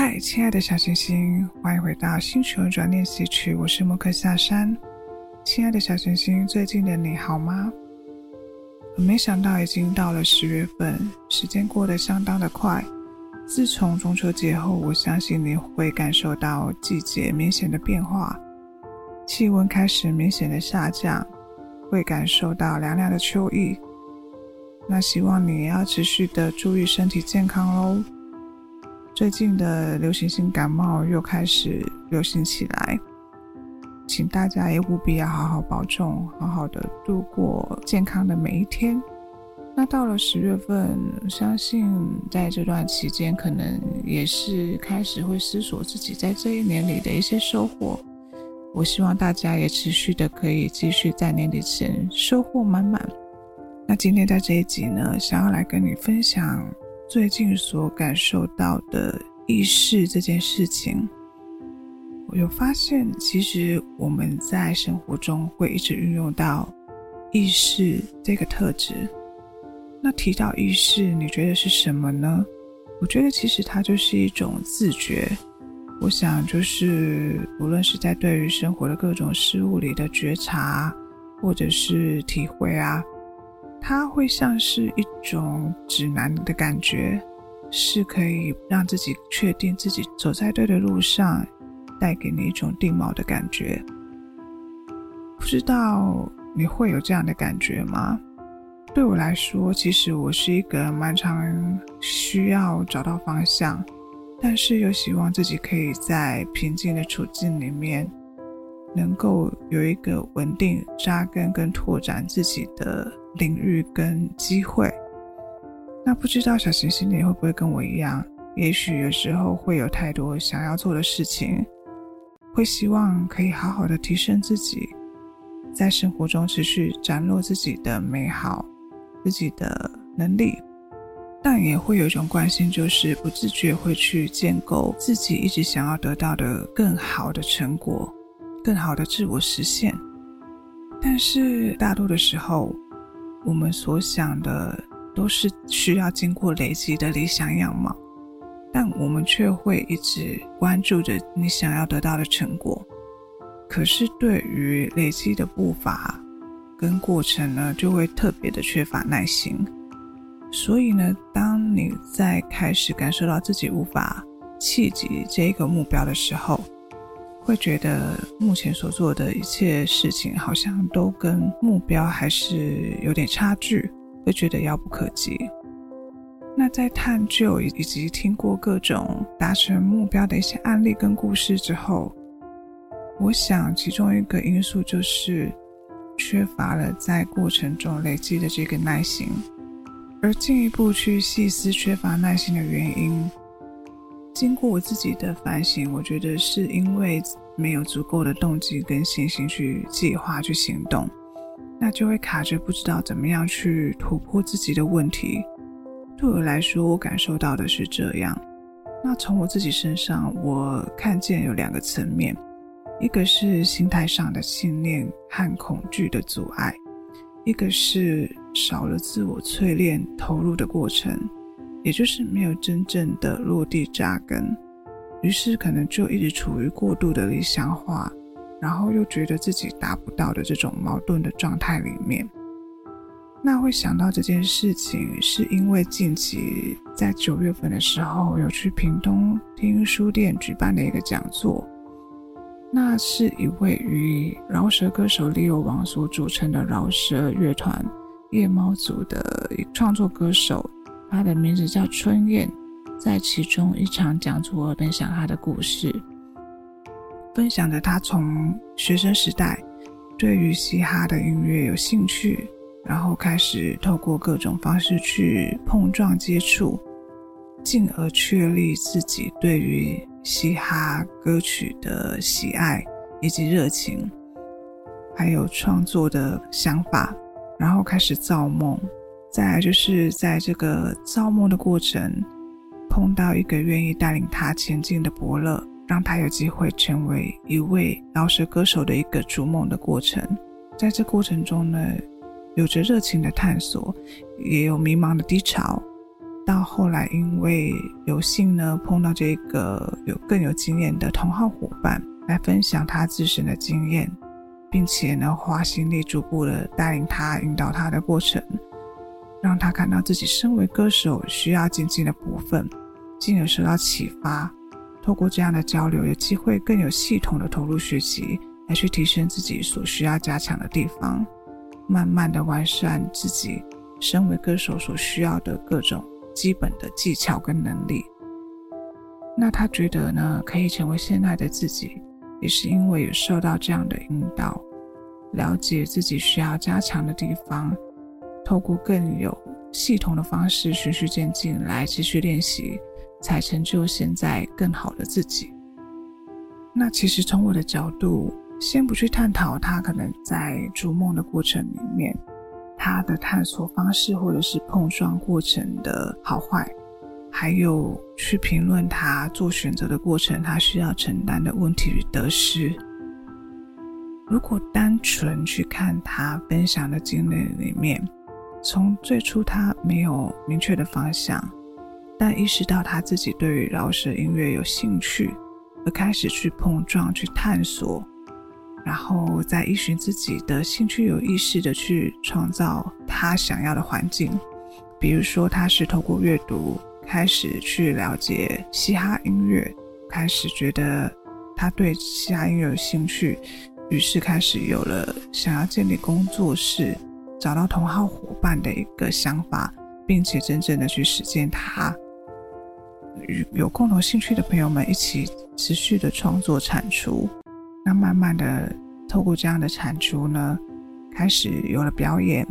嗨，親愛的小星星，歡迎回到星球轉練習曲，我是莫克夏山。親愛的小星星，最近的你好嗎？我沒想到已經到了十月份，時間過得相當的快。自從中秋節後，我相信你會感受到季節明顯的變化，氣溫開始明顯的下降，會感受到涼涼的秋意。那希望你也要持續的注意身體健康嘍。最近的流行性感冒又開始流行起來，請大家也務必要好好保重，好好的度過健康的每一天。那到了十月份，相信在這段期間，可能也是開始會思索自己在這一年裡的一些收穫。我希望大家也持續的可以繼續在年底前收穫滿滿。那今天在這一集呢，想要來跟你分享。最近所感受到的意識這件事情，我有發現，其實我們在生活中會一直運用到意識這個特質。那提到意識，你覺得是什麼呢？我覺得其實它就是一種自覺。我想，就是無論是在對於生活的各種事物裡的覺察，或者是體會啊。它會像是一種指南的感覺，是可以讓自己確定自己走在對的路上，帶給你一種定錨的感覺。不知道你會有這樣的感覺嗎？對我來說，其實我是一個蠻常需要找到方向，但是又希望自己可以在平靜的處境裡面，能夠有一個穩定扎根跟拓展自己的，領域跟機會，那不知道小行星你會不會跟我一樣？也許有時候會有太多想要做的事情，會希望可以好好的提升自己，在生活中持續展露自己的美好、自己的能力，但也會有一種慣性，就是不自覺會去建構自己一直想要得到的更好的成果、更好的自我實現。但是大多的時候。我們所想的都是需要經過累積的理想樣貌，但我們卻會一直關注着你想要得到的成果。可是對於累積的步伐跟過程呢，就會特別的缺乏耐心。所以呢，當你在開始感受到自己無法企及這個目標的時候，會覺得目前所做的一切事情好像都跟目標還是有點差距，會覺得遙不可及。那在探究以及聽過各種達成目標的一些案例跟故事之後，我想其中一個因素就是缺乏了在過程中累積的這個耐心，而進一步去細思缺乏耐心的原因。經過我自己的反省，我覺得是因為沒有足夠的動機跟信心去計劃、去行動，那就會卡着，不知道怎麼樣去突破自己的問題。對我來說，我感受到的是這樣。那從我自己身上，我看見有兩個層面：一個是心態上的信念和恐懼的阻礙，一個是少了自我淬煉投入的過程。也就是沒有真正的落地扎根，於是可能就一直處於過度的理想化，然後又覺得自己達不到的這種矛盾的狀態裡面。那會想到這件事情，是因為近期在九月份的時候有去屏東聽書店舉辦的一個講座，那是一位與饒舌歌手 Leo 王所組成的饒舌樂團夜貓組的創作歌手。他的名字叫春燕，在其中一場講座，我分享他的故事，分享著他從學生時代對於嘻哈的音樂有興趣，然後開始透過各種方式去碰撞接觸，進而確立自己對於嘻哈歌曲的喜愛以及熱情，還有創作的想法，然後開始造夢。再來就是在這個造夢的過程，碰到一個願意帶領他前進的伯樂，讓他有機會成為一位饒舌歌手的一個逐夢的過程。在這過程中呢，有着熱情的探索，也有迷茫的低潮。到後來，因為有幸呢碰到這個有更有經驗的同好伙伴，來分享他自身的經驗，並且呢花心力逐步的帶領他、引導他的過程。讓他感到自己身為歌手需要精進的部分，進而受到啟發。透過這樣的交流，有機會更有系統的投入學習，來去提升自己所需要加強的地方，慢慢的完善自己身為歌手所需要的各種基本的技巧跟能力。那他覺得呢，可以成為現在的自己，也是因為有受到這樣的引導，了解自己需要加強的地方。透過更有系統的方式，循序漸進來繼續練習，才成就現在更好的自己。那其實從我的角度，先不去探討他可能在逐夢的過程裡面，他的探索方式或者是碰撞過程的好壞，還有去評論他做選擇的過程，他需要承擔的問題與得失。如果單純去看他分享的經歷裡面，從最初，他沒有明確的方向，但意識到他自己對於饒舌音樂有興趣，而開始去碰撞，去探索，然後再依循自己的興趣，有意識的去創造他想要的環境。比如說，他是透過閱讀開始去了解嘻哈音樂，開始覺得他對嘻哈音樂有興趣，於是開始有了想要建立工作室，找到同好夥伴的一個想法，並且真正的去實踐它。與有共同興趣的朋友們一起持續的創作產出，那慢慢的透過這樣的產出呢，開始有了表演，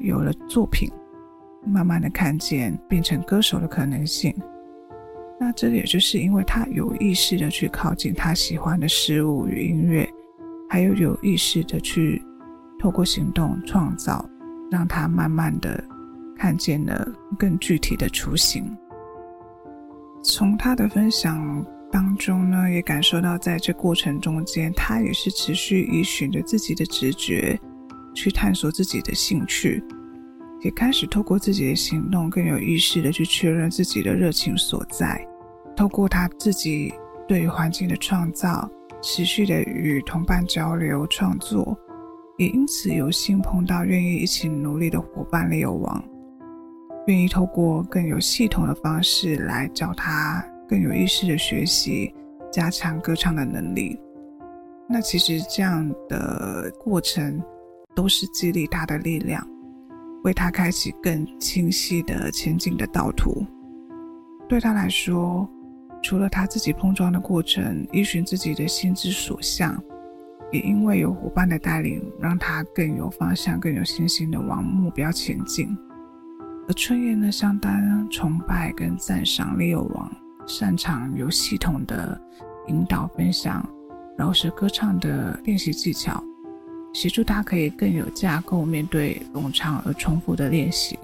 有了作品，慢慢的看見變成歌手的可能性。那這也就是因為他有意識的去靠近他喜歡的事物與音樂，還有有意識的去。透過行動創造，讓他慢慢的看見了更具體的雛形。從他的分享當中呢，也感受到在這過程中間，他也是持續依循着自己的直覺，去探索自己的興趣，也開始透過自己的行動，更有意識的去確認自己的熱情所在。透過他自己對於環境的創造，持續的與同伴交流創作。也因此有幸碰到願意一起努力的伙伴獵友王，願意透過更有系統的方式來教他，更有意識的學習，加強歌唱的能力。那其實這樣的過程都是激勵他的力量，為他開啟更清晰的前進的道途。對他來說，除了他自己碰撞的過程，依循自己的心之所向。也因為有夥伴的帶領，讓他更有方向、更有信心的往目標前進。而春燕，呢，相當崇拜跟讚賞 Leo 王，擅長有系統的引導分享，然後是歌唱的練習技巧，協助他可以更有架構面對冗長而重複的練習，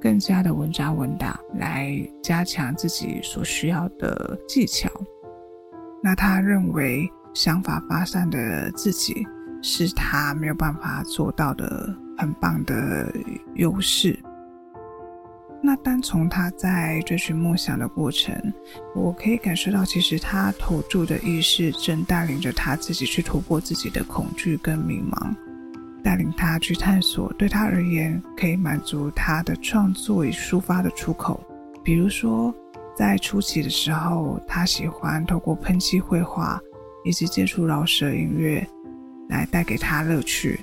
更加的穩紮穩打，來加強自己所需要的技巧。那他認為。想法發散的自己，是他沒有辦法做到的很棒的優勢。那單從他在追尋夢想的過程，我可以感受到，其實他投注的意識正帶領着他自己去突破自己的恐懼跟迷茫，帶領他去探索，對他而言可以滿足他的創作與抒發的出口。比如說，在初期的時候，他喜歡透過噴漆繪畫。以及接觸饒舌音樂，來帶給他樂趣。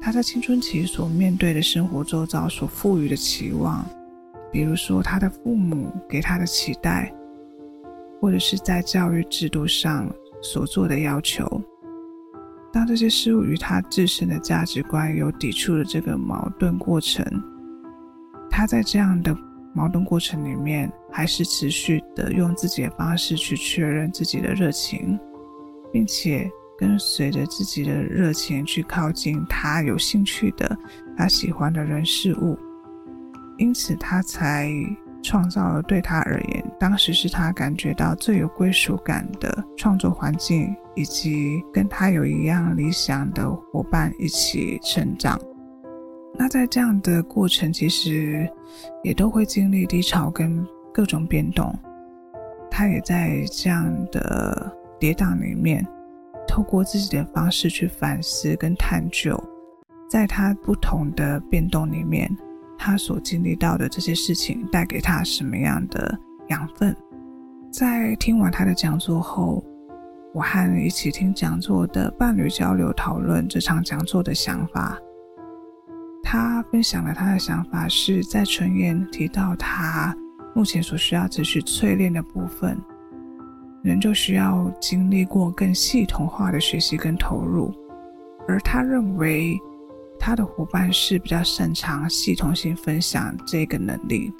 他在青春期所面對的生活周遭所賦予的期望，比如說他的父母給他的期待，或者是在教育制度上所做的要求。當這些事物與他自身的價值觀有抵觸的這個矛盾過程，他在這樣的。矛盾過程裡面，還是持續的用自己的方式去確認自己的熱情，並且跟隨着自己的熱情去靠近他有興趣的、他喜歡的人事物，因此他才創造了對他而言，當時是他感覺到最有歸屬感的創作環境，以及跟他有一樣理想的夥伴一起成長。那在這樣的過程，其實也都會經歷低潮跟各種變動。他也在這樣的跌宕裡面，透過自己的方式去反思跟探究，在他不同的變動裡面，他所經歷到的這些事情帶給他什麼樣的養分？在聽完他的講座後，我和你一起聽講座的伴侶交流討論這場講座的想法。他分享了他的想法，是在純言提到他目前所需要持續淬煉的部分，人就需要經歷過更系統化的學習跟投入。而他認為，他的夥伴是比較擅長系統性分享這個能力，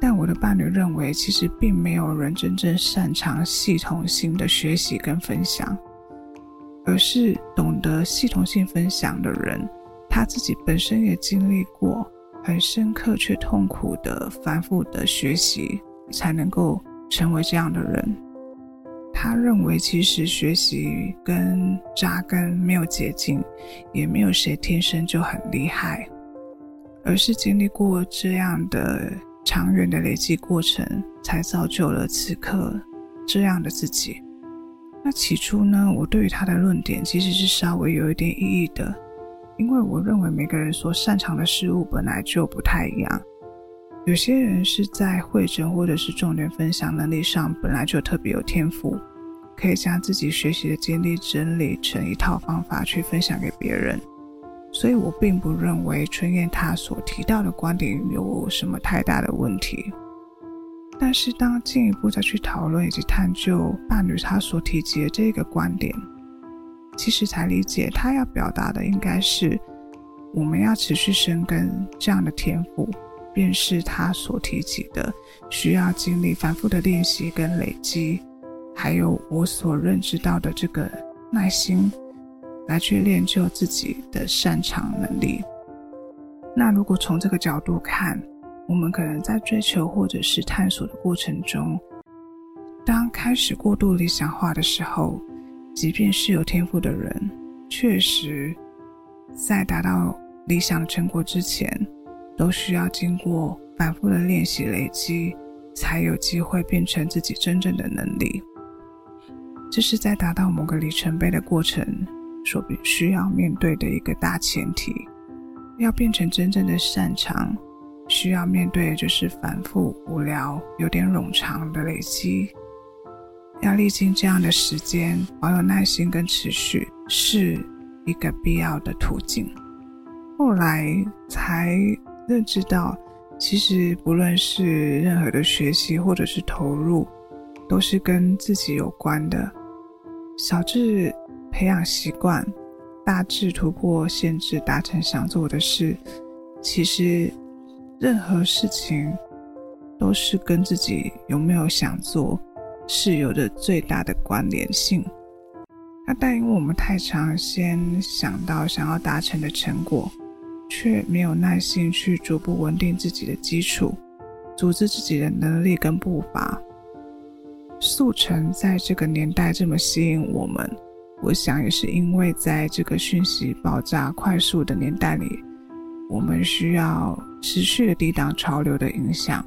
但我的伴侶認為，其實並沒有人真正擅長系統性的學習跟分享，而是懂得系統性分享的人。他自己本身也經歷過很深刻卻痛苦的反復的學習，才能夠成為這樣的人。他認為，其實學習跟扎根沒有捷徑，也沒有誰天生就很厲害，而是經歷過這樣的長遠的累積過程，才造就了此刻這樣的自己。那起初呢，我對於他的論點其實是稍微有一點異議的。因為我認為每個人所擅長的事物本來就不太一樣，有些人是在會診或者是重點分享能力上本來就特別有天賦，可以將自己學習的經歷整理成一套方法去分享給別人。所以我並不認為春燕她所提到的觀點有什麼太大的問題，但是當進一步再去討論以及探究伴侶她所提及的這個觀點。其實才理解，他要表達的應該是，我們要持續生根，這樣的天賦，便是他所提及的，需要經歷反覆的練習跟累積，還有我所認知到的這個耐心，來去練就自己的擅長能力。那如果從這個角度看，我們可能在追求或者是探索的過程中，當開始過度理想化的時候。即便是有天賦的人，確實，在達到理想的成果之前，都需要經過反覆的練習累積，才有機會變成自己真正的能力。這是在達到某個里程碑的過程所需要面對的一個大前提。要變成真正的擅長，需要面對的就是反覆、無聊、有點冗長的累積。要歷經這樣的時間，保有耐心跟持續，是一個必要的途徑。後來才認知到，其實不論是任何的學習或者是投入，都是跟自己有關的。小至培養習慣，大至突破限制，達成想做的事。其實，任何事情都是跟自己有沒有想做。是有着最大的關聯性。那但因為我們太常先想到想要達成的成果，卻沒有耐心去逐步穩定自己的基礎，組織自己的能力跟步伐。速成在這個年代這麼吸引我們，我想也是因為在這個訊息爆炸快速的年代裡，我們需要持續的抵擋潮流的影響，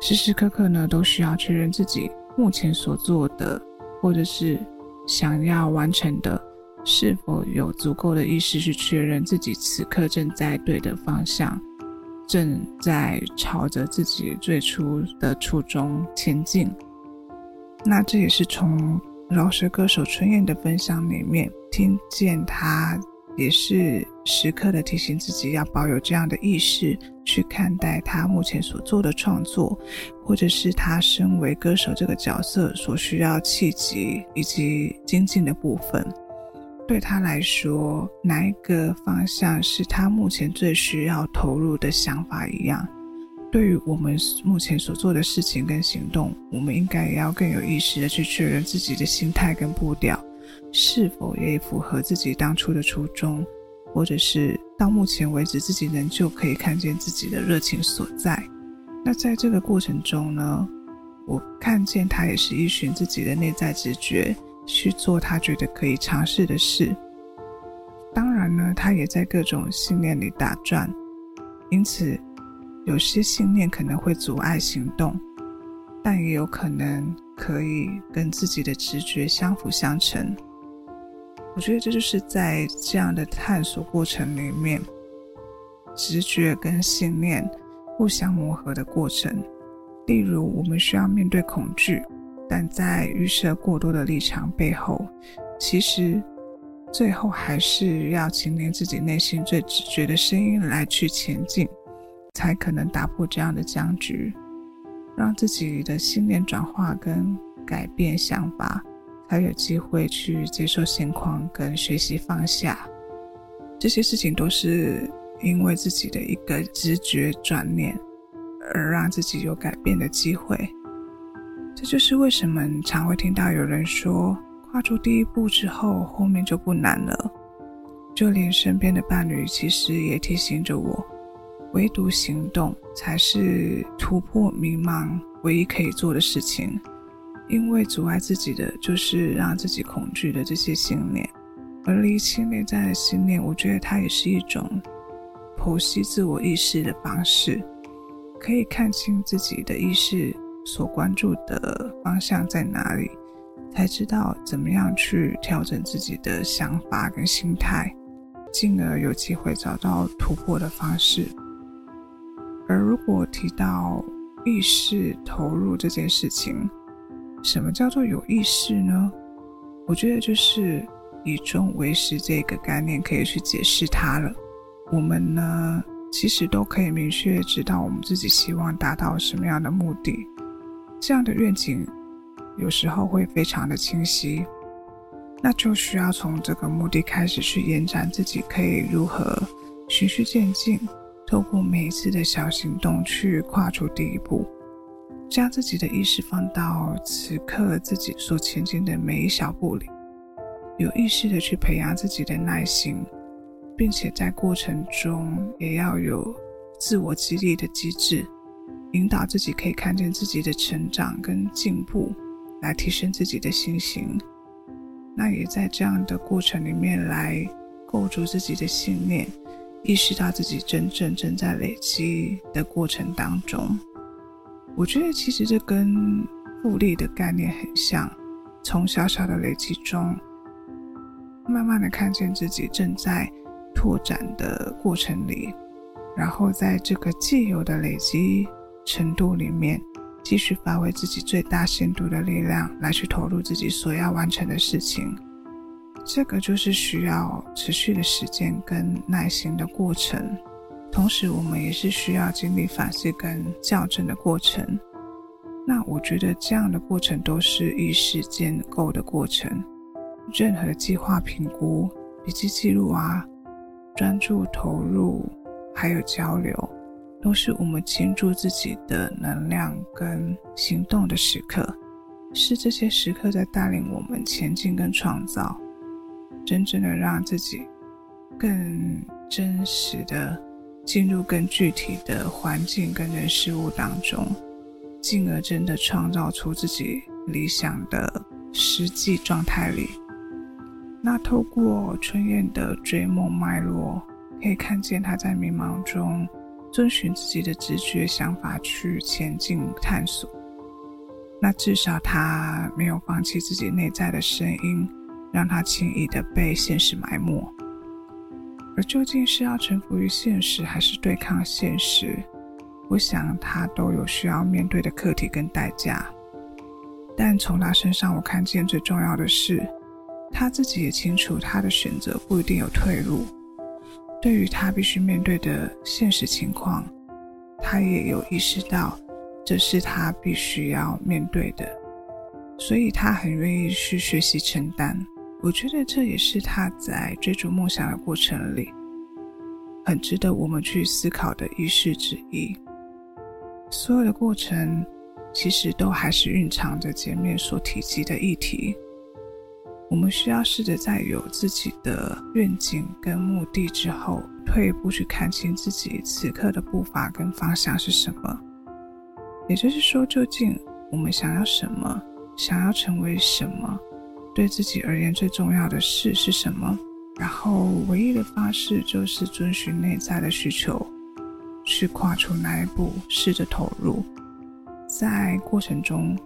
時時刻刻呢都需要確認自己，目前所做的，或者是想要完成的，是否有足夠的意識去確認自己此刻正在對的方向，正在朝着自己最初的初衷前進？那這也是從饒舌歌手春燕的分享裡面聽見他。也是時刻的提醒自己要保有這樣的意識去看待他目前所做的創作，或者是他身為歌手這個角色所需要契機以及精進的部分。對他來說，哪一個方向是他目前最需要投入的想法一樣。對於我們目前所做的事情跟行動，我們應該也要更有意識的去確認自己的心態跟步調。是否也符合自己當初的初衷，或者是到目前為止自己仍舊可以看見自己的熱情所在？那在這個過程中呢，我看見他也是依循自己的內在直覺去做他覺得可以嘗試的事。當然呢，他也在各種信念裡打轉，因此有些信念可能會阻礙行動，但也有可能可以跟自己的直覺相輔相成。我覺得這就是在這樣的探索過程裡面，直覺跟信念互相磨合的過程。例如，我們需要面對恐懼，但在預設過多的立場背後，其實最後還是要傾聽自己內心最直覺的聲音來去前進，才可能打破這樣的僵局，讓自己的信念轉化跟改變想法。才有機會去接受現況，跟學習放下這些事情，都是因為自己的一個直覺轉念，而讓自己有改變的機會。這就是為什麼常會聽到有人說，跨出第一步之後，後面就不難了。就連身邊的伴侶，其實也提醒着我，唯獨行動才是突破迷茫唯一可以做的事情。因為阻礙自己的就是讓自己恐懼的這些信念，而釐清內在信念，我覺得它也是一種剖析自我意識的方式，可以看清自己的意識所關注的方向在哪裡，才知道怎麼樣去調整自己的想法跟心態，進而有機會找到突破的方式。而如果提到意識投入這件事情，什麼叫做有意識呢？我覺得就是以終為始這個概念可以去解釋它了。我們呢，其實都可以明確知道我們自己希望達到什麼樣的目的。這樣的願景有時候會非常的清晰，那就需要從這個目的開始去延展自己，可以如何循序漸進，透過每一次的小行動去跨出第一步。將自己的意識放到此刻自己所前進的每一小步裡，有意識的去培養自己的耐心，並且在過程中也要有自我激勵的機制，引導自己可以看見自己的成長跟進步，來提升自己的信心。那也在這樣的過程裡面來構築自己的信念，意識到自己真正正在累積的過程當中。我覺得其實這跟複利的概念很像，從小小的累積中，慢慢的看見自己正在拓展的過程裡，然後在這個既有的累積程度裡面，繼續發揮自己最大限度的力量來去投入自己所要完成的事情，這個就是需要持續的時間跟耐心的過程。同時，我們也是需要經歷反思跟校正的過程。那我覺得這樣的過程都是意識建構的過程。任何的計劃、評估、筆記記錄啊，專注投入，還有交流，都是我們傾注自己的能量跟行動的時刻。是這些時刻在帶領我們前進跟創造，真正的讓自己更真實的。進入更具體的環境跟人事物當中，進而真的創造出自己理想的實際狀態裡。那透過春燕的追夢脈絡，可以看見她在迷茫中遵循自己的直覺想法去前進探索。那至少她沒有放棄自己內在的聲音，讓她輕易地被現實埋沒。而究竟是要臣服於現實，還是對抗現實？我想他都有需要面對的課題跟代價。但從他身上，我看見最重要的是，他自己也清楚他的選擇不一定有退路。對於他必須面對的現實情況，他也有意識到這是他必須要面對的，所以他很願意去學習承擔。我覺得這也是他在追逐夢想的過程裡，很值得我們去思考的一事之一。所有的過程，其實都還是蘊藏着前面所提及的議題。我們需要試着在有自己的願景跟目的之後，退一步去看清自己此刻的步伐跟方向是什麼。也就是說，究竟我們想要什麼，想要成為什麼？對自己而言最重要的事是什麼？然後唯一的方式就是遵循內在的需求，去跨出那一步，試着投入。在過程中，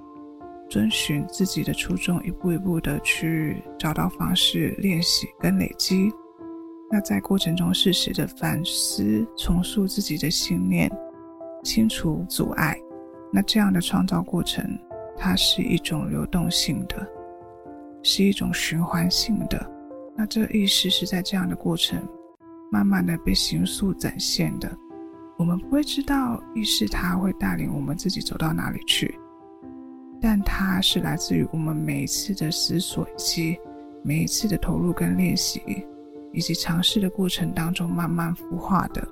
遵循自己的初衷，一步一步的去找到方式練習跟累積。那在過程中適時的反思，重塑自己的信念，清除阻礙。那這樣的創造過程，它是一種流動性的。是一種循環性的。那這意識是在這樣的過程，慢慢的被形塑展現的。我們不會知道意識它會帶領我們自己走到哪裡去，但它是來自於我們每一次的思索，以及每一次的投入跟練習，以及嘗試的過程當中慢慢孵化的，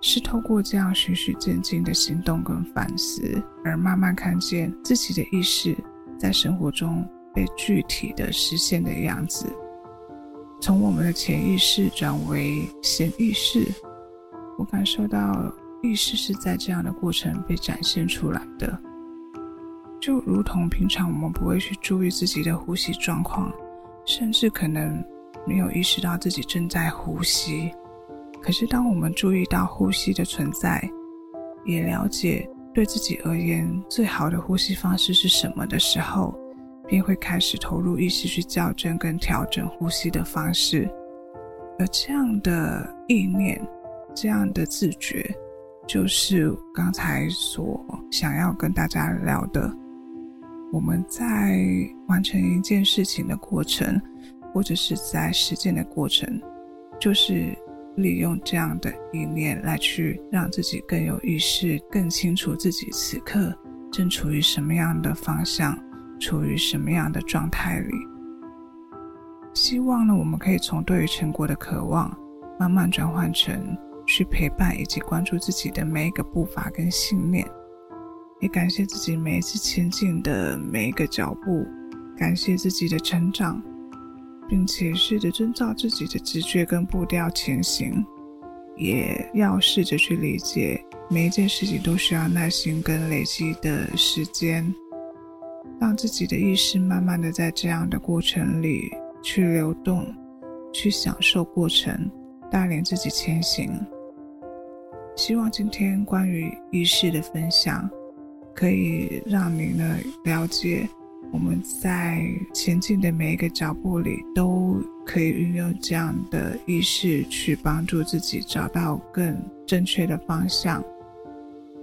是透過這樣循序漸進的行動跟反思，而慢慢看見自己的意識在生活中被具體的實現的樣子，從我們的潛意識轉為顯意識。我感受到意識是在這樣的過程被展現出來的，就如同平常我們不會去注意自己的呼吸狀況，甚至可能沒有意識到自己正在呼吸。可是，當我們注意到呼吸的存在，也了解對自己而言最好的呼吸方式是什麼的時候，便會開始投入意識去校正跟調整呼吸的方式，而這樣的意念，這樣的自覺，就是剛才所想要跟大家聊的。我們在完成一件事情的過程，或者是在實踐的過程，就是利用這樣的意念來去讓自己更有意識，更清楚自己此刻正處於什麼樣的方向，處於什麼樣的狀態裡？希望呢，我們可以從對於成果的渴望，慢慢轉換成去陪伴以及關注自己的每一個步伐跟信念，也感謝自己每一次前進的每一個腳步，感謝自己的成長，並且試着遵照自己的直覺跟步調前行，也要試着去理解每一件事情都需要耐心跟累積的時間。讓自己的意識慢慢的在這樣的過程裡去流動，去享受過程，帶領自己前行。希望今天關於意識的分享，可以讓你呢了解，我們在前進的每一個腳步裡，都可以運用這樣的意識去幫助自己找到更正確的方向。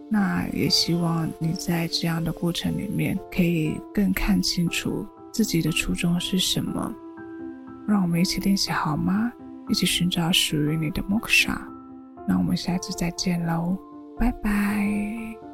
那也希望你在這樣的過程裡面可以更看清楚自己的初衷是什麼。讓我們一起練習好嗎？一起尋找屬於你的莫克夏。那我們下次再見嘍，拜拜。